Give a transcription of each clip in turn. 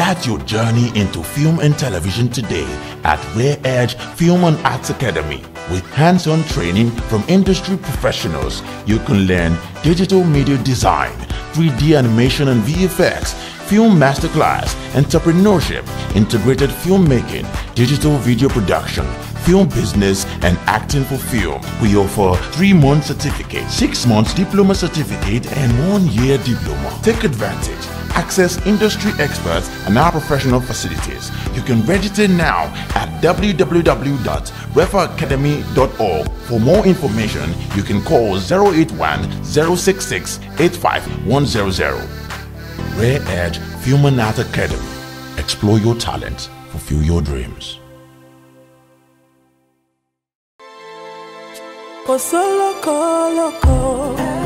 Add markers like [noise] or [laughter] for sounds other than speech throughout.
Start your journey into film and television today at Rare Edge Film and Arts Academy. With hands-on training from industry professionals, you can learn digital media design, 3D animation and VFX, film masterclass, entrepreneurship, integrated filmmaking, digital video production, film business and acting for film. We offer 3-month certificate, 6 months diploma certificate and 1-year diploma. Take advantage access industry experts, and our professional facilities. You can register now at www.referacademy.org. For more information, you can call 081 066 85100. Rare Edge Human Art Academy. Explore your talent. fulfill your dreams. Kosoloko, loko.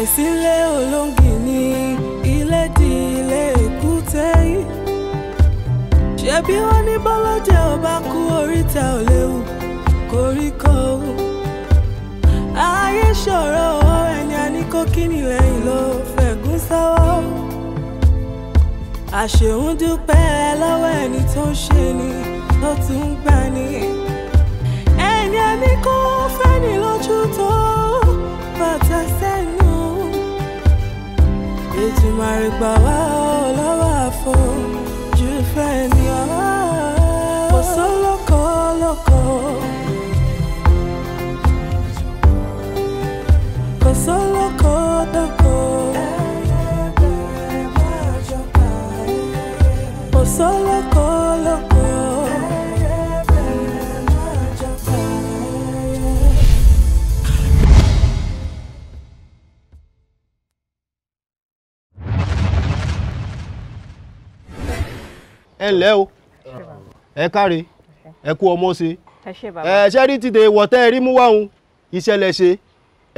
àìsílé olóńgì ni ilé di ilé èkúté yìí ṣebí wọn ní bọ́lọ́jẹ́ ọba kú oríta ò léwu koríko òun ayé ṣòro ẹni àníkókínì lẹ́yìn ló fẹ̀gún sọ́wọ́ àṣeun dúpẹ́ lọ́wọ́ ẹni tó ń ṣe ni ló tún ń gbà ní. ẹni ẹni kó fẹ́ni lójú tó bàtà sẹ́nu. Ètùmàrè gbà wá ọlọ́wọ́ àfojú fẹ́ mi ọ́. Kò sólókò lóko. Kò sólókò dóko. Kò sólókò. ẹ ǹlẹ́ o ẹ káre ẹ kú ọmọ ṣe ẹ ṣe rí tìde wọ̀tẹ́ ẹ rí mú wá òun ìṣẹ̀lẹ̀ ṣe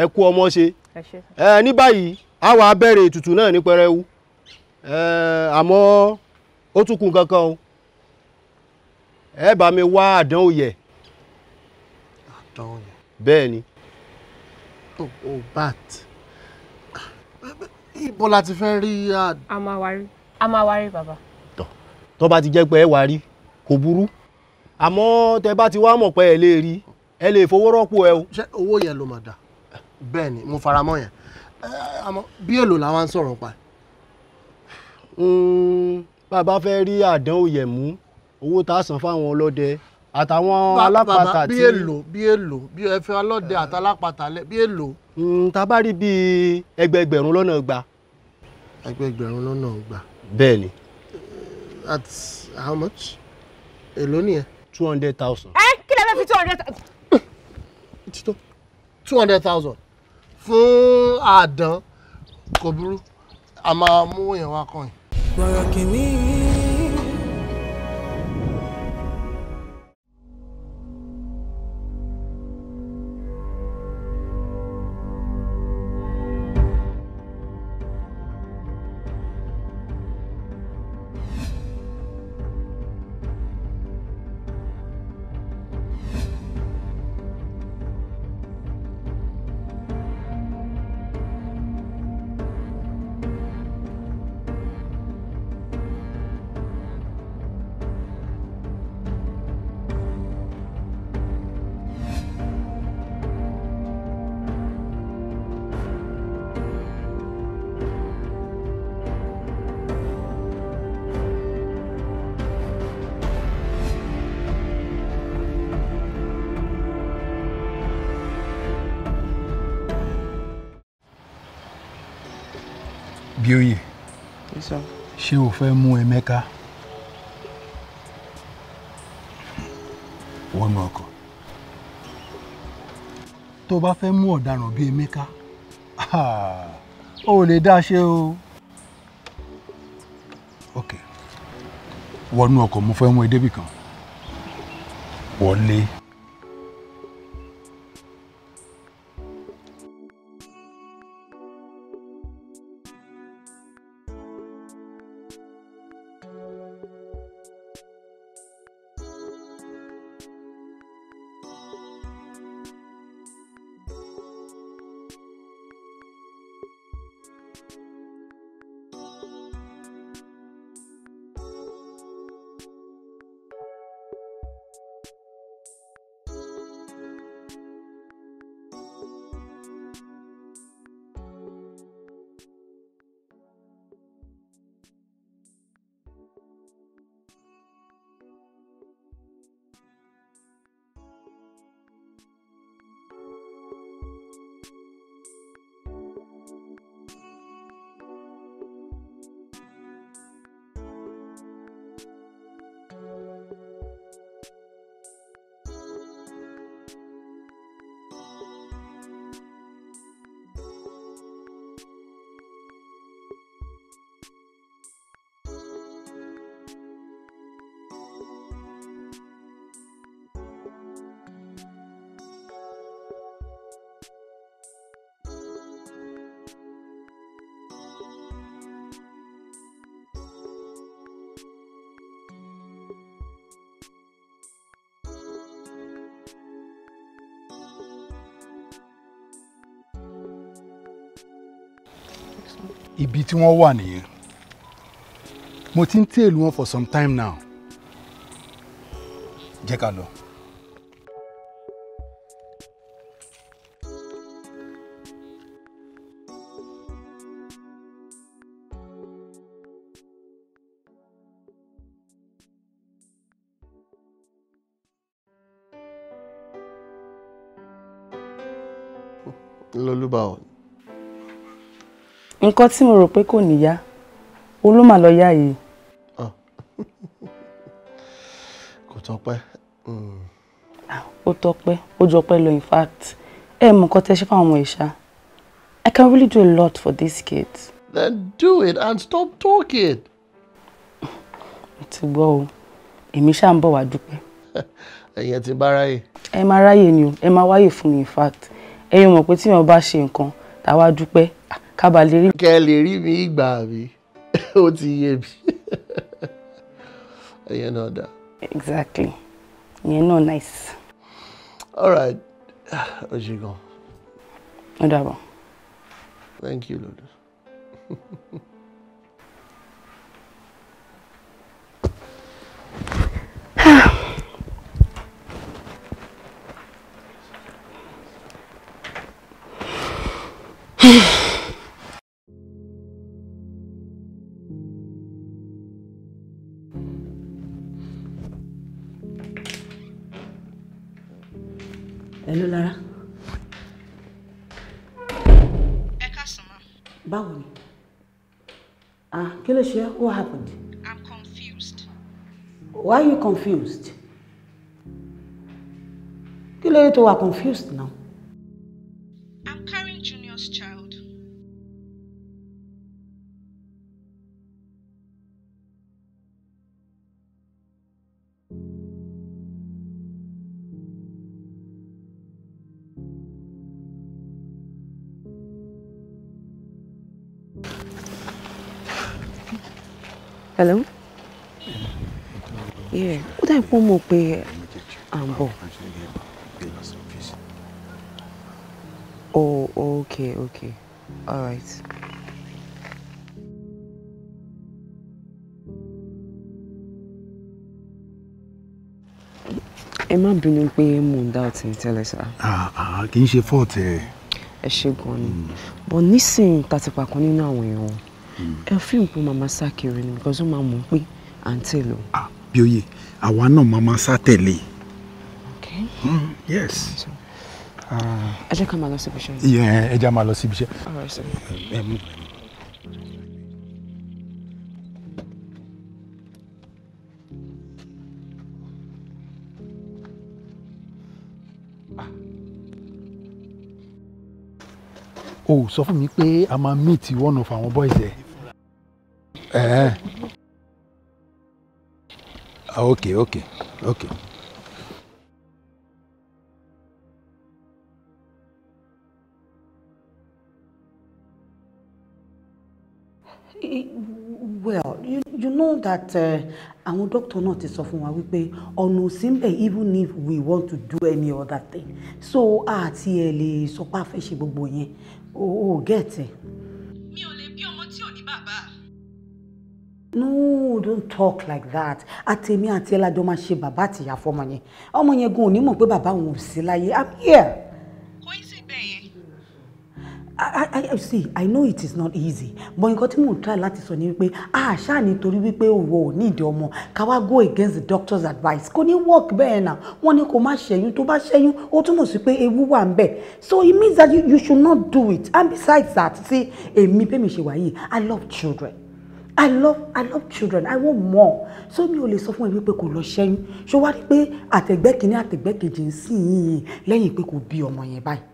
ẹ kú ọmọ ṣe ẹ ní báyìí a wá bẹ̀rẹ̀ ètùtù náà ní pẹrẹwu àmọ́ ó tún kù kankan o ẹ bá mi wá àdán òyẹ. bẹ́ẹ̀ ni. o oh, oh, bat ibo lati ti fẹ́ rí. a máa wá a máa wá rí tó bá ti jẹ́ pé ẹ wà rí kò burú àmọ́ tẹ bá ti wá mọ̀ pé ẹ lè rí ẹ lè fowó rọ́pò ẹ o. ṣé owó yẹn ló máa dà bẹ́ẹ̀ ni mo fara mọ́ yẹn àmọ́ bí èlò làwọn ń sọ̀rọ̀ pa. bàbá hmm, fẹ́ rí àdán òyẹ̀ mú owó tá a san fáwọn ọlọ́dẹ àtàwọn alápàtà tí. bàbá bí èlò bí èlò bí ẹ fẹ́ ọlọ́dẹ àtàlápàtà bí èlò. Hmm, tá a bíi ẹgbẹgbẹ̀rún lọ́nà igba. ẹgbẹgbẹ̀rún lọ́nà igba. bẹ́ẹ̀ at how much? èló nìyẹn. two hundred thousand. ẹ eh, kí lè fẹ́ fi two hundred thousand. títọ́ two hundred thousand fún àdán kò burú a máa mú èèyàn wá kàn yín. bọ̀rọ̀ kìíní Bíóyè ṣé o fẹ́ mú Emeka wọnú ọkọ̀ tó bá fẹ́ mú ọ̀daràn bíi Emeka [laughs] o lè dá ṣe o ok wọnú ọkọ̀ mo fẹ́ mú ẹ débì kan wọlé. ibi tí wọ́n wà nìyẹn mo ti ń tẹ̀lé wọn for some time now jẹ́ ká lọ. nǹkan tí mo rò pé kò níyá òun lọ yá yìí. Ah. [laughs] kò tọpẹ́. Hmm. Ah, ó tọpẹ́ ó jọpẹ́ lọ in fact ẹ mọ nǹkan tẹ́ ṣe fáwọn ọmọ ìṣá I can really do a lot for these kids. Then do it and stop talking. mo ti gbọ́ o èmi ṣáà ń bọ̀ wá dúpẹ́. [laughs] ẹ̀yin ti bá ráyè. ẹ máa ráyè ni o ẹ máa wáyè fún mi in fact ẹ̀yin mọ̀ pé tí wọn bá ṣe nǹkan tàwa dúpẹ́ kábà lè rí. kẹ́ ẹ lè rí mi ìgbà mi [laughs] ó ti yé mi [laughs] ìyẹn náà dá. exactly ìyẹn náà nice. alright ó ṣe gan. ó dàbọ̀. thank you lulu. [laughs] báwo ni ah kí ló ṣe what happened. i'm confused. why are you confused? kí ló yẹ tó wà confused now. hello. ó dàbí pé ó mọ̀ à ń bọ̀. Oh, okay, okay. All right. ẹ má bínú pé mò ń dá ọtí ní tẹ́lẹ̀ sá. kì í ṣe fọ́ọ̀tì ẹ. ẹ ṣe gan ni bọ̀ nísìnyí tá a ti pa kan nínú àwọn èèyàn ẹ fi nǹkan Mama sá kiri ni because ó máa mọ̀ pé à ń tèlò. bí ó yẹ àwa náà màmá sá tẹ̀lé. okay mm, yes. Ah. ẹ jẹ́ ká máa lọ síbi iṣẹ́. ẹ jẹ́ ká máa lọ síbi iṣẹ́. all right sir. o sọ fún mi pé a máa meet one of our boys ẹ. Eh. Ah, okay, okay, okay. you know that eh, àwọn dókítà náà ti sọ fún wa wípé ọ̀nà òsínbẹ̀ even if we want to do any other thing so àti ẹ̀ lè sọ pé a fẹ́ ṣe gbogbo yẹn o ò gẹ̀ẹ́tẹ̀. mi ò lè bí ọmọ tí ò ní bàbá. no don't talk like that àtẹ̀mí àti ẹ̀ lájọ máa ṣe bàbá àtìyá fọmọ yẹn ọmọ yẹn gan ò ní mọ̀ pé bàbá òun ò sí láyé i'm here. I, I, see I know it is not easy but nǹkan tí mò ń try láti sọ ni wípé àṣà nítorí wípé òwò ò ní ìdí ọmọ ká wá go against the doctor's advice kò ní work bẹ́ẹ̀ náà wọ́n ní kò má ṣẹ́yún tó bá ṣẹ́yún ó túmọ̀ sí pé ewu wà ń bẹ̀ so it means that you, you should not do it and besides that see èmi bẹ́ẹ̀ mi ṣe wà I love children I love I love children I want more so mi ò lè sọ fún ẹ wípé kò lọ ṣẹ́yún ṣó wá rí pé àtẹ̀gbẹ́ kìíní àtẹ̀gbẹ́ kejì ń sìn yìnyín lẹ́yìn pé kò bí ọmọ yẹn báyìí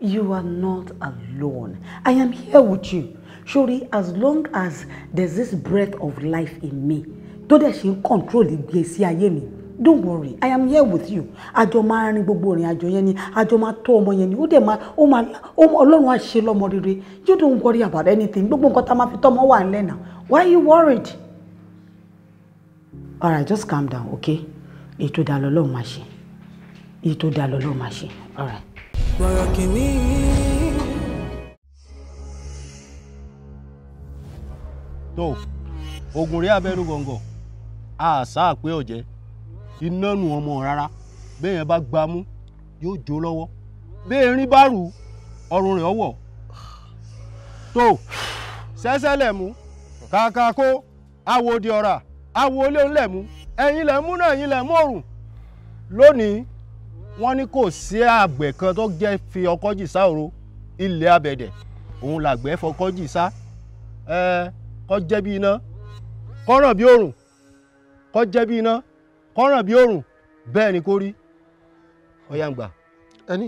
you are not alone. I am here with you. Surely, as long as there's this breath of life in me, though dẹ̀ ṣe ń control ìgbésí ayé mi, don't worry, I am here with you. Àjọ máa rin gbogbo ìrìn àjò yẹn ni, àjọ máa tó ọmọ yẹn ni, ó dẹ̀ máa, ó máa, Ọlọ́run á ṣe lọ́mọ rere. You don't worry about anything. Gbogbo nǹkan tá a máa fi tọ́mọ wà nílẹ̀ Why are you worried? Alright, just calm down, okay? Ètò ìdálọ́lọ́ máa ṣe. Ètò ìdálọ́lọ́ máa ṣe. Alright. to ogun rí abẹ́rú gọ̀ǹgọ̀ àṣà àpé ọ̀jẹ́ iná nu ọmọ rárá bẹ́ẹ̀yẹn bá gbámú yóò jó lọ́wọ́ bẹ́ẹ̀ rin bá ọrùn rẹ̀ ọwọ́ tó sẹ́sẹ́ mú kàkà kó awòdì ọ̀rà awolé ńlẹ̀ mú ẹ̀yin lẹ̀ mú náà ẹ̀yin lẹ̀ mú lónìí wọ́n ní kò sí àgbẹ̀ kan tó jẹ́ fi ọkọ́ jì sá òru ilẹ̀ abẹ̀dẹ̀ òun làgbẹ̀ fọkọ́ jì sá ẹ kọ́ jẹ́ bí iná kọ́ bí òrùn kọ́ jẹ́ bí iná kọ́ bí òrùn bẹ́ẹ̀ ni kò rí ọ̀yà ń gbà. ẹni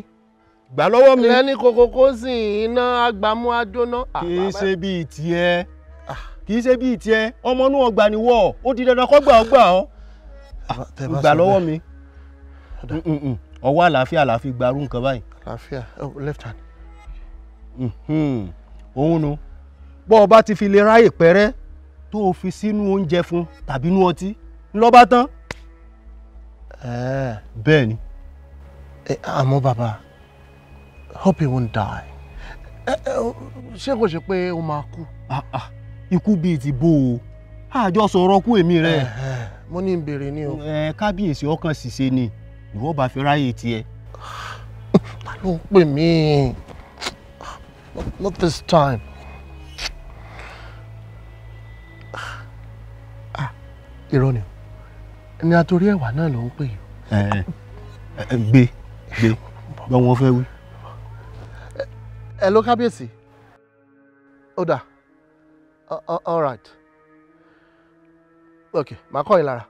gbà lọ́wọ́ mi. lẹ́ni kòkòkò sì iná agbamú ajóná. Ah, ah. kì í ṣe bíi tiẹ̀ kì í ṣe bíi tiẹ̀ ọmọ inú ọgbà ni wọ́ ó di dandan kọ́ gbà ọ́ gbà ọ́ gbà lọ́wọ́ mi. mm ọwọ́ àlàáfíà la gbarú nǹkan báyìí. àlàáfíà oh left hand. Mhm. òun nu bọ́ ọ bá ti fi lè ráyè pẹ́rẹ́ tó o fi sínú oúnjẹ fún tàbí inú ọtí ńlọ́ba tán. Eh. bẹ́ẹ̀ ni. Eh, àmọ́ bàbá hope he won't die. Eh, oh, ṣé kò ṣe pé ó máa kú. Ah, ah. ikú bíi ti bó o àjọsọ̀rọ̀ kú èmi rẹ̀. mo ní ìbéèrè ni o. kábíyèsí ọkàn ṣìṣe ni. Uh, uh, ìwọ bá fi ráyè tiẹ̀. ta ló ń pè mí not this time. Ah, irọ́ ni ẹni àtòrí ẹ̀wà náà ló ń pè yìí. gbé gbé bá wọn fẹ́ wí. ẹ ló kábíyèsí ó dà all right Okay, màá kọ́ yín lára.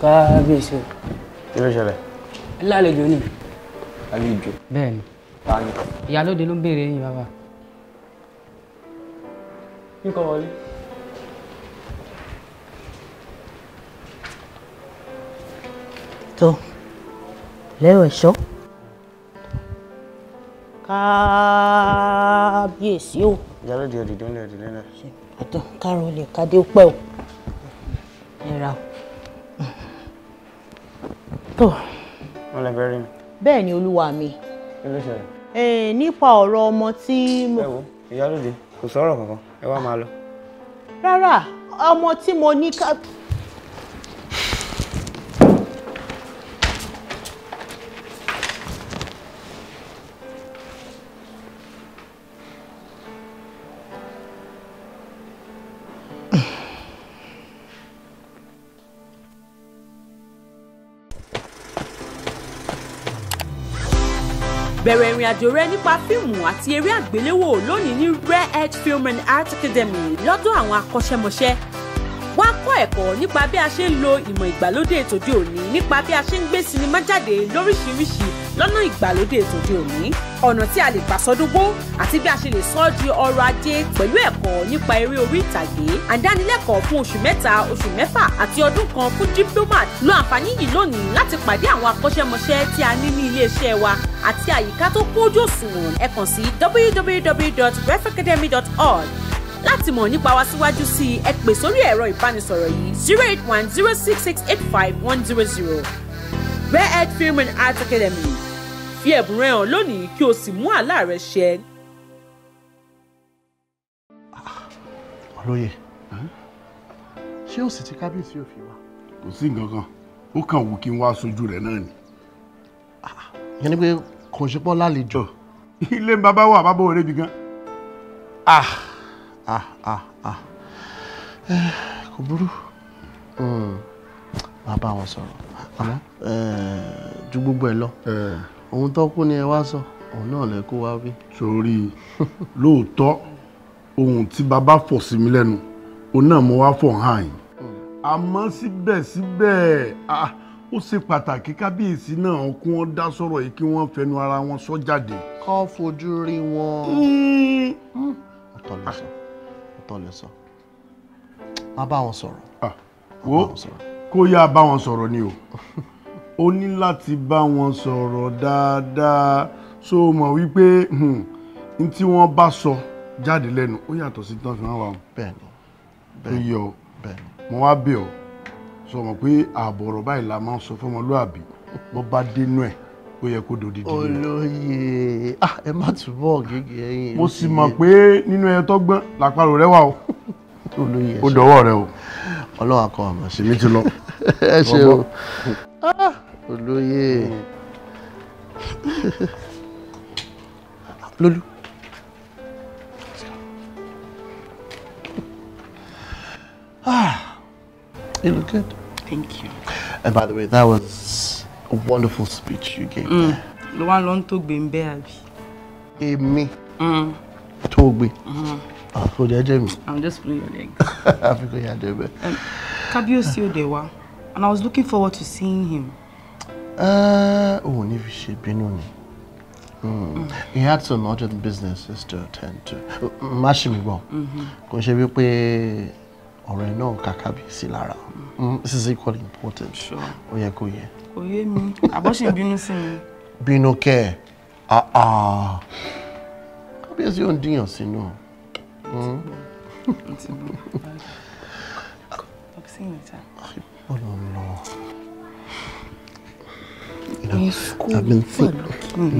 kábíyèsí o. kí ló ṣẹlẹ̀. lálejò ni. àlejò. bẹ́ẹ̀ni. tani. ìyálóde ló ń béèrè yín bàbá. kíkọ wọlé. tó lẹ́rọ ẹ̀ṣọ́ kábíyèsí o. ìyálóde ọ̀dìdínlẹ̀ ọ̀dìdínlẹ̀. àtọ̀ kárọ̀ olè kádé ó pẹ́ o. ẹ ra tó. Oh. wọn lè bẹ̀rẹ̀ mi. bẹ́ẹ̀ ni olúwa mi. kí ló ṣẹlẹ̀. nípa ọ̀rọ̀ ọmọ tí mo. ẹ wo ìyálóde kò sọ̀rọ̀ kankan ẹ wá máa lọ. rárá ọmọ tí mo ní ká. Bẹ̀rẹ̀ ìrìn àjò rẹ nípa fíìmù àti eré àgbéléwò lónìí ní Rare Edge Film and Art Academy lọ́dọ̀ àwọn akọ́ṣẹ́mọṣẹ́. Wá kọ́ ẹ̀kọ́ nípa bí a ṣe ń lo ìmọ̀ ìgbàlódé tòde òní nípa bí a ṣe ń gbé sinimá jáde lóríṣiríṣi lọ́nà ìgbàlódé tòde òní ọ̀nà tí a lè gbà sọdúnwó àti bí a ṣe lè sọ di ọrọ̀ ajé pẹ̀lú ẹ̀kọ́ ìmọ̀ nípa eré orí ìtàgé àdánilẹ́kọ̀ọ́ fún oṣù mẹ́ta oṣù mẹ́fà àti ọdún kan fún diplomat lo àǹfààní yìí lónìí láti pàdé àwọn akọ́ṣẹ́mọṣẹ́ tí a ní ní iléeṣẹ́ wa àti àyíká tó kójú òṣùwọ̀n ẹ kàn sí www.refacademy.org láti mọ̀ nípa wa síwájú sí ẹ pè sórí ẹ̀rọ ìbánisọ̀rọ̀ yìí zero eight one zero six six eight five one zero zero Rare Earth Film and Art Academy fi ẹ̀bùn rẹ hàn lónìí kí o sì mú àlá rẹ ṣẹ. olóyè ṣé òsì tí kábíyèsí ò fi wá. kò sí nǹkan kan ó kàn wù kí n wá sojú rẹ̀ náà ni. Ah, yẹn ni pé kò ṣe pọ́ lálejò. ilé ń bàbá wà bàbá òre bi gan. ah ah ah ah kò burú hmm, máa bá wọn sọ̀rọ̀ àmọ́ ju gbogbo ẹ̀ lọ ohun tó kú ni ẹ wá sọ òun náà lè kó wá wí. sórí lóòótọ́ ohun tí baba fọ̀ sí mi lẹ́nu òun náà mo wá fọ̀ hàn yín àmọ́ síbẹ̀síbẹ̀ ó ṣe pàtàkì kábíyèsí náà kí wọ́n dá sọ̀rọ̀ yìí kí wọ́n fẹnu ara wọn sọ jáde. kọ́ fojú rí wọn. Hmm. Hmm. ọ̀tọ̀ lè sọ má bá wọn sọ̀rọ̀. Ah, wo kó yá bá wọn sọ̀rọ̀ ni o ó ní láti bá wọn sọ̀rọ̀ dáadáa so mọ̀ wípé hmm, n tí wọ́n bá sọ. So, jáde lẹ́nu ó yàtọ̀ sí tán fi hàn wá o. bẹ́ẹ̀ni bẹ́ẹ̀ni tó yẹ ọ bẹ́ẹ̀ni mo wá bẹ̀ ọ́ sọ mọ̀ pé ààbọ̀ ọ̀rọ̀ báyìí la máa ń sọ fọ́mọlúàbí bó bá dénú ẹ̀ ó yẹ kó dòdì dì í. olóyè ah, ẹ má túbọ̀ gègé ẹyin. mo sì mọ̀ pé nínú ẹ tọ́gbọ́n làpárò rẹ wà o. olóyè ẹ ṣe o dọ̀wọ́ rẹ o. ọlọ́wà kan àmọ̀ sí mi ti lọ. [laughs] ẹ ṣe o ah, olóyè hmm. lólú. Ah, you look good. Thank you. And by the way, that was a wonderful speech you gave mm. there. The one long talk been in baby. Èmi. Mm. Tó gbé. Mm. Mm-hmm. Ah, kò dé jẹ I'm just pulling your leg. Africa, yeah, yá dé bẹ̀. Kábíyèsí òde wa and I was looking forward to seeing him. Uh, ah, oh, never fi ṣe bínú hmm. Mm. He had some urgent businesses to attend to. Mashimi ṣe mi gbọ́. Mm-hmm ọ̀rọ̀ ẹ̀ náà kà kábíyèsí lára mm, this is equally important ó yẹ kó yẹ. kò yé mi àbọ̀ṣe bínú sí mi. bínú kẹ́ ẹ̀ ah, ah. kábíyèsí ò ń díyàn sínú. Ọlọ́run. You know, I've been thinking.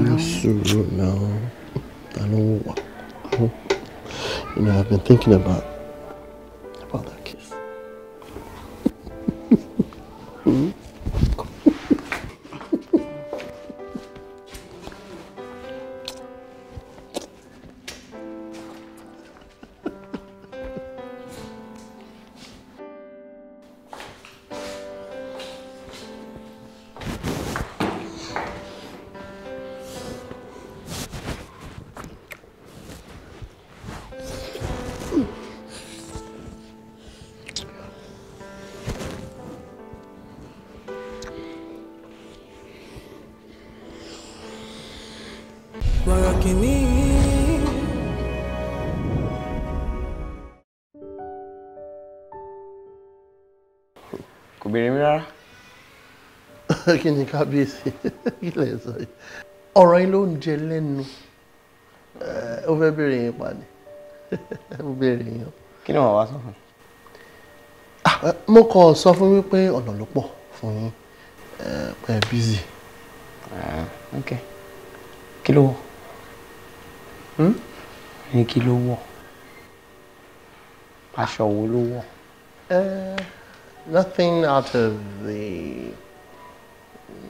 No, sure, no. I know what. You know, I've been thinking about about that Mm -hmm. kí ni kábíyèsí kí lè sọ yìí ọ̀rọ̀ yín ló ń jẹ lẹ́nu ó fẹ́ béèrè yín pàdé ó béèrè yín o. kí ni wọ́n wá sọ fún mi. mo kọ sọ fún mi pé ọ̀nà ló pọ̀ fún yín pé bízì. kí ló wọ̀ kí ló wọ̀ aṣọ wo ló wọ̀. nothing out of the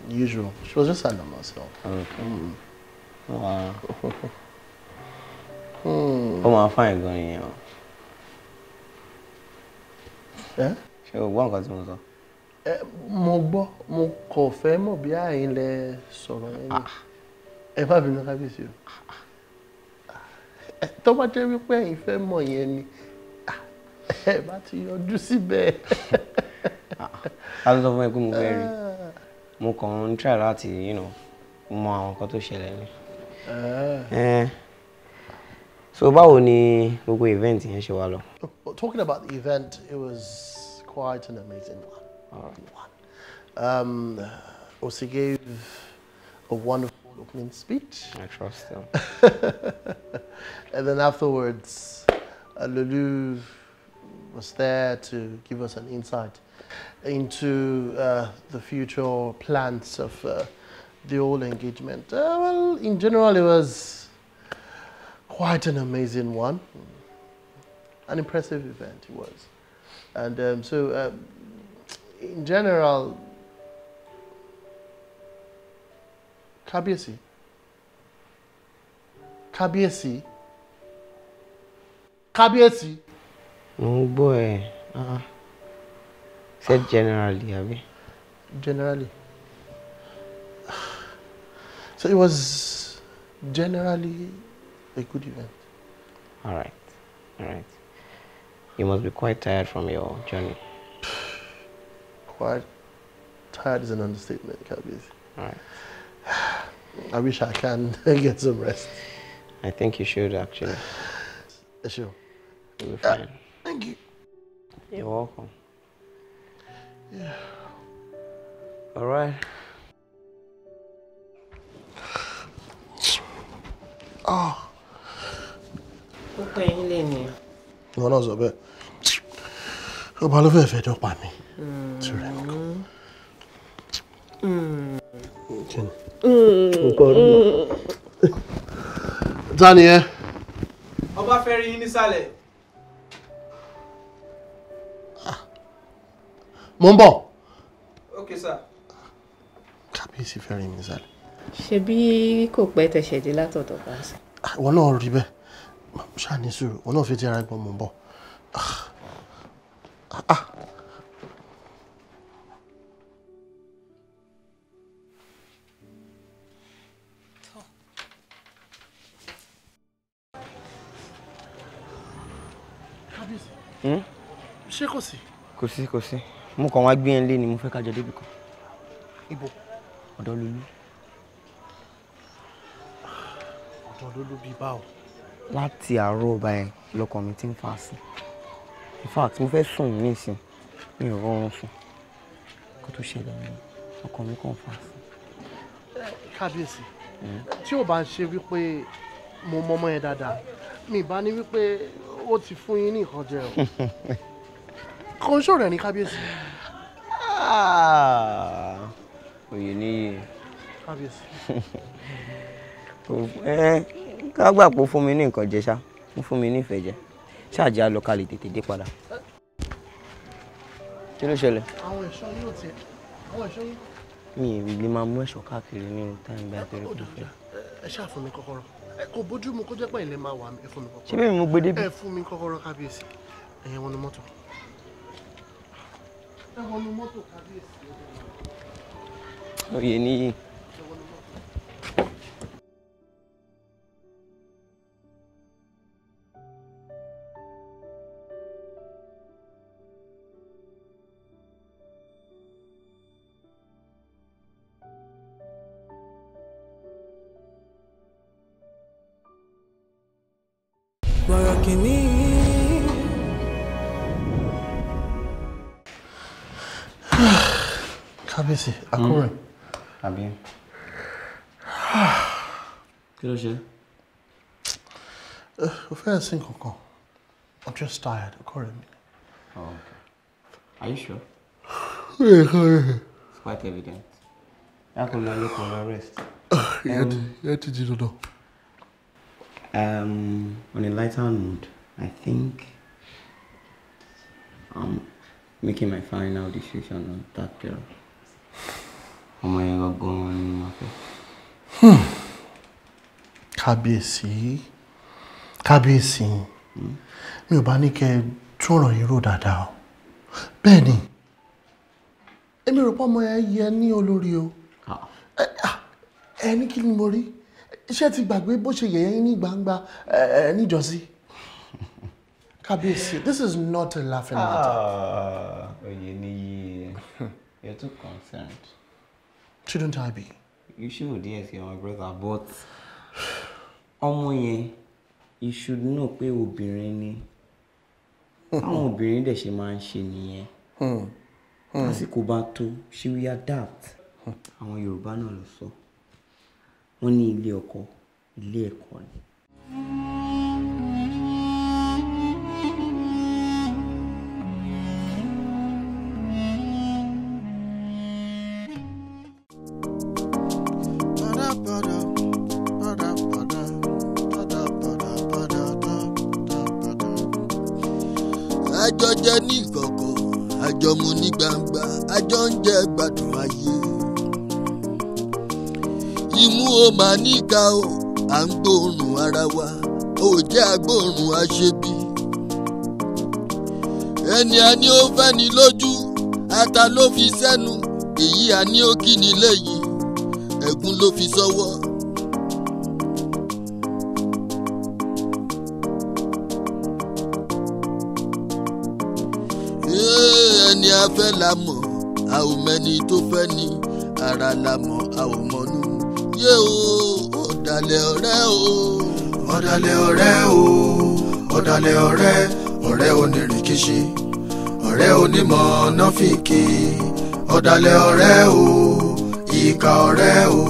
usual. She was just sad on herself. Okay. Mm. Wow. [laughs] mm. Oh, my fine going here. Eh? Ṣé o gbọ́ nǹkan tí mo sọ? Ẹ eh, mo gbọ́, mo kò fẹ́ mọ̀ bí àyín lẹ sọ̀rọ̀ yẹn ni. Ah, ah. Ẹ bá bínú kábíyèsí o. Ah, eh, tó bá jẹ́ wípé ẹ̀yin fẹ́ mọ̀ yẹn ni, ẹ bá ti yọjú síbẹ̀. [laughs] A mo fẹ́ mo kàn try láti you know mọ àwọn nǹkan tó ṣẹlẹ̀ ni. Ah. Eh. so báwo ni gbogbo event yẹn ṣe wá lọ. talking about the event it was quite an amazing one. All right. Um, also gave a wonderful opening speech. I trust him [laughs] and then afterwards, uh, Lulu was there to give us an insight into uh, the future plans of uh, the whole engagement? Uh, well, in general, it was quite an amazing one, an impressive event it was. And um, so, um, in general, Kabiesi, Kabiesi, Kabiesi. Mo oh, gbọ́ ẹ̀. Uh-huh. Said generally, have you? Generally. So it was generally a good event. All right, all right. You must be quite tired from your journey. Quite tired is an understatement, Kabir. All right. [sighs] I wish I can [laughs] get some rest. I think you should actually. Sure. You'll be fine. Uh, thank you. You're welcome. Yeah. [sighs] All right. Oh. Ó pẹ́ yín lè ní. Ìwọ náà sọ bẹ́ẹ̀. Ọba ló fẹ́ fẹ́jọ́ pa mi. Ti rẹ̀ mi kan. Kí ni? Nǹkan rí mọ́. Ta ni ẹ? Ọba fẹ́ rí yín nísàlẹ̀. mo ń bọ̀. ok sir. kábíyèsí fẹ́ rí mi sálẹ̀. ṣebí kò pẹ́ tẹ̀sẹ̀ dé látọ̀dọ̀ bá a sọ. ìwọ náà rí bẹ́ẹ̀ ṣáà ní sùúrù ìwọ náà fi ti ara ẹ̀gbọ́n mo ń bọ̀. Ah, ah, ah. kábíyèsí hmm? ṣé kò sí. kò sí kò sí mo kàn wá gbé ẹ lé ni mo fẹ́ ká jọ débi kan. ibo. ọ̀dọ̀ lolú. ọ̀dọ̀ lolú bíi báwo. láti àárọ̀ báyìí lọkàn mi ti ń fà sí in fact mo fẹ́ sùn nísìn mi ò rọrùn sùn kó tó ṣẹlẹ̀ ní ọkàn mi kàn fà sí. kábíyèsí hmm? tí ò bá ń ṣe wípé mo mọmọ yẹn dáadáa mi bá ní wípé ó ti fún yín ní nǹkan o [laughs] kò ń ṣòro ẹ̀ ní kábíyèsí. Ah! oyè níyì [laughs] eh, ká gbà pé ó fún mi ní nǹkan jẹ ṣá ó fún mi nífẹ̀ẹ́ jẹ ṣáàjì á lọ ká lè tètè dé padà kí ló ṣẹlẹ̀. àwọn ẹ̀ṣọ́ yóò tẹ àwọn ẹ̀ṣọ́ yóò. mi ì lè máa mú ẹ̀ṣọ́ káàkiri nínú táyìn bí atẹ́rẹ́ kò fẹ́. ẹ ṣáà fún mi kọ́kọ́rọ́ ẹ kò bójú mu kó jẹ́ pé ilẹ̀ máa wà ẹ fún mi kọ́kọ́rọ́. ṣé bẹ́ẹ̀ mo gbé débi. ẹ fún mi kọ́kọ́rọ́ kábíyèsí ẹ̀yẹ wọn ni mọ́tò. Oh ini. kábíyèsí akọrin. àbí. kí ló ṣe. o fẹ́ sin kankan i'm just tired akọrin mi. Oh, okay. Are you sure? it's [laughs] quite evident. How come you look for arrest? Yeah, did you know? Um, on a lighter note, I think I'm um, making my final decision on that girl. ọmọ yẹn gangan wọn ni mo fẹ́. Hmm. kábíyèsí kábíyèsí hmm. mi ò bá ní kẹ́ tún ọ̀rọ̀ yìí rò dáadáa o bẹ́ẹ̀ ni èmi rò pé ọmọ yẹn yẹ ní olórí o ẹ ní kí ni mo rí iṣẹ́ ti gbàgbé bó ṣe yẹ̀yẹ́ ní gbangba níjọ́sí kábíyèsí this is not a laughing matter. Ah, oyè ni yìí you're too concerned shouldn't I be? You should, yes, you're my brother, but ọmọ yẹn you should know pé obìnrin ni àwọn obìnrin dẹ̀ ṣe máa ń ṣe nìyẹn lásìkò hmm. hmm. bá tó she will adapt àwọn Yorùbá náà ló sọ wọ́n ní ilé ọkọ ilé ẹ̀kọ́ ni. Mm. àjọ jẹ ní ìkọ̀kọ̀ àjọ mu ní gbangba àjọ ń jẹ gbádùn ayé. imú o máa níka o à ń gbóòórùn ara wa ò jẹ́ agbóòórùn aṣebi. ẹni a ní ó fẹ́ni lójú ata ló fi sẹ́nu èyí a ní ó kí ni léyìí ẹ̀gún ló fi sọ́wọ́ fẹ́ la mọ̀ a ò mẹ́ni tó fẹ́ ni ara la mọ̀ a ò mọ̀nú yé o ọ̀dàlẹ̀ ọ̀rẹ́ o. ọ̀dàlẹ̀ ọ̀rẹ́ o ọ̀dàlẹ̀ ọ̀rẹ́ ọ̀rẹ́ onírìkíṣí ọ̀rẹ́ onímọ̀ nọ́fìkì ọ̀dàlẹ̀ ọ̀rẹ́ o ìkà ọ̀rẹ́ o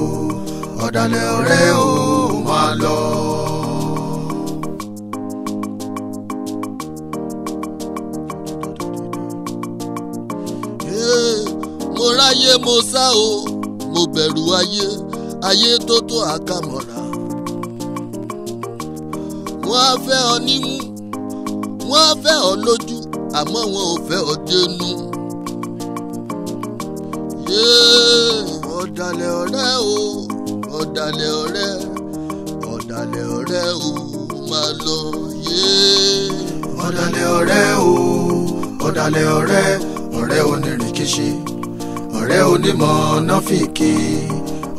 ọ̀dàlẹ̀ ọ̀rẹ́ o máa lọ. láyé mo sá o mo bẹ̀rù ayé ayé tó tó àkàmọ̀ra. wọ́n á fẹ́ ọ nímú wọ́n á fẹ́ ọ lójú àmọ́ wọn ò fẹ́ ọ dénú. ọ̀dàlẹ̀ ọ̀rẹ́ o ọ̀dàlẹ̀ ọ̀rẹ́ ọ̀dàlẹ̀ ọ̀rẹ́ o máa lọ yé. ọ̀dàlẹ̀ ọ̀rẹ́ o ọ̀dàlẹ̀ ọ̀rẹ́ ọ̀rẹ́ onírìkìṣí ọ̀rẹ́ onímọ̀ nọ́fìkì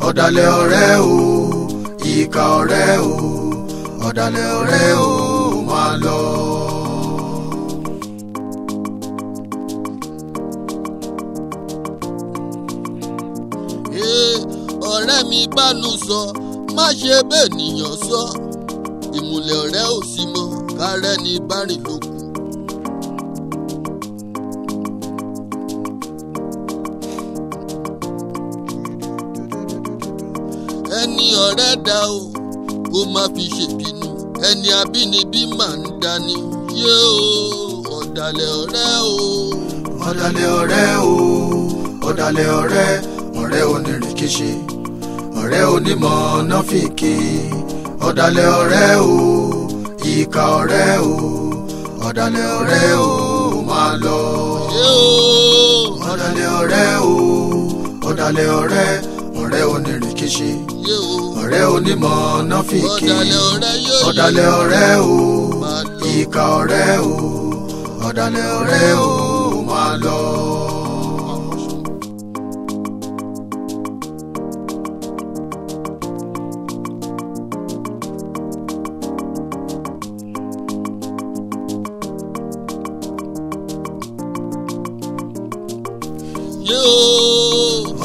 ọ̀dàlẹ̀ ọ̀rẹ́ o ìkà ọ̀rẹ́ o ọ̀dàlẹ̀ ọ̀rẹ́ o máa lọ. ọ̀rẹ́ mi bá lu sọ má ṣe bẹ́ẹ̀ nìyàn sọ ìmùlẹ̀ ọ̀rẹ́ ò sí mọ́ kárẹ́ ni bá rìn lóko. dá o kó má fi ṣèbínú ẹni abínibí máa ń dání yé o ọ̀dàlẹ̀ ọ̀rẹ́ o. ọ̀dàlẹ̀ ọ̀rẹ́ o ọ̀dàlẹ̀ ọ̀rẹ́ ọ̀rẹ́ onírìkíṣe ọ̀rẹ́ onímọ̀ nọ́fìkì ọ̀dàlẹ̀ ọ̀rẹ́ o ìkà ọ̀rẹ́ o ọ̀dàlẹ̀ ọ̀rẹ́ o máa lọ. ọ̀dàlẹ̀ ọ̀rẹ́ o ọ̀dàlẹ̀ ọ̀rẹ́ ọ̀rẹ́ onírìkíṣe ọ̀rẹ́ onímọ̀ nọ́fìkì ọ̀dàlẹ̀ ọ̀rẹ́ o ìkà ọ̀rẹ́ o ọ̀dàlẹ̀ ọ̀rẹ́ o máa lọ.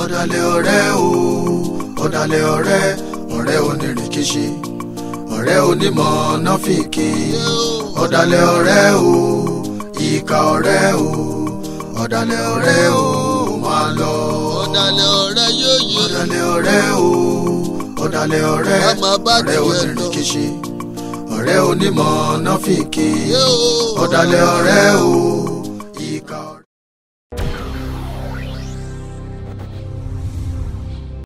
ọ̀dàlẹ̀ ọ̀rẹ́ o ọ̀dàlẹ̀ ọ̀rẹ́ ọ̀rẹ́ onírìkíṣí ọ̀rẹ́ onímọ̀ nọ́fìkì ọ̀dàlẹ̀ ọ̀rẹ́ o ìkà ọ̀rẹ́ o ọ̀dàlẹ̀ ọ̀rẹ́ o máa lọ. ọ̀dàlẹ̀ ọ̀rẹ́ yóò yí. ọ̀dàlẹ̀ ọ̀rẹ́ o ọ̀dàlẹ̀ ọ̀rẹ́ ọ̀rẹ́ onírìkíṣí ọ̀rẹ́ onímọ̀ nọ́fìkì ọ̀dàlẹ̀ ọ̀rẹ́ o ìkà ọ̀rẹ́.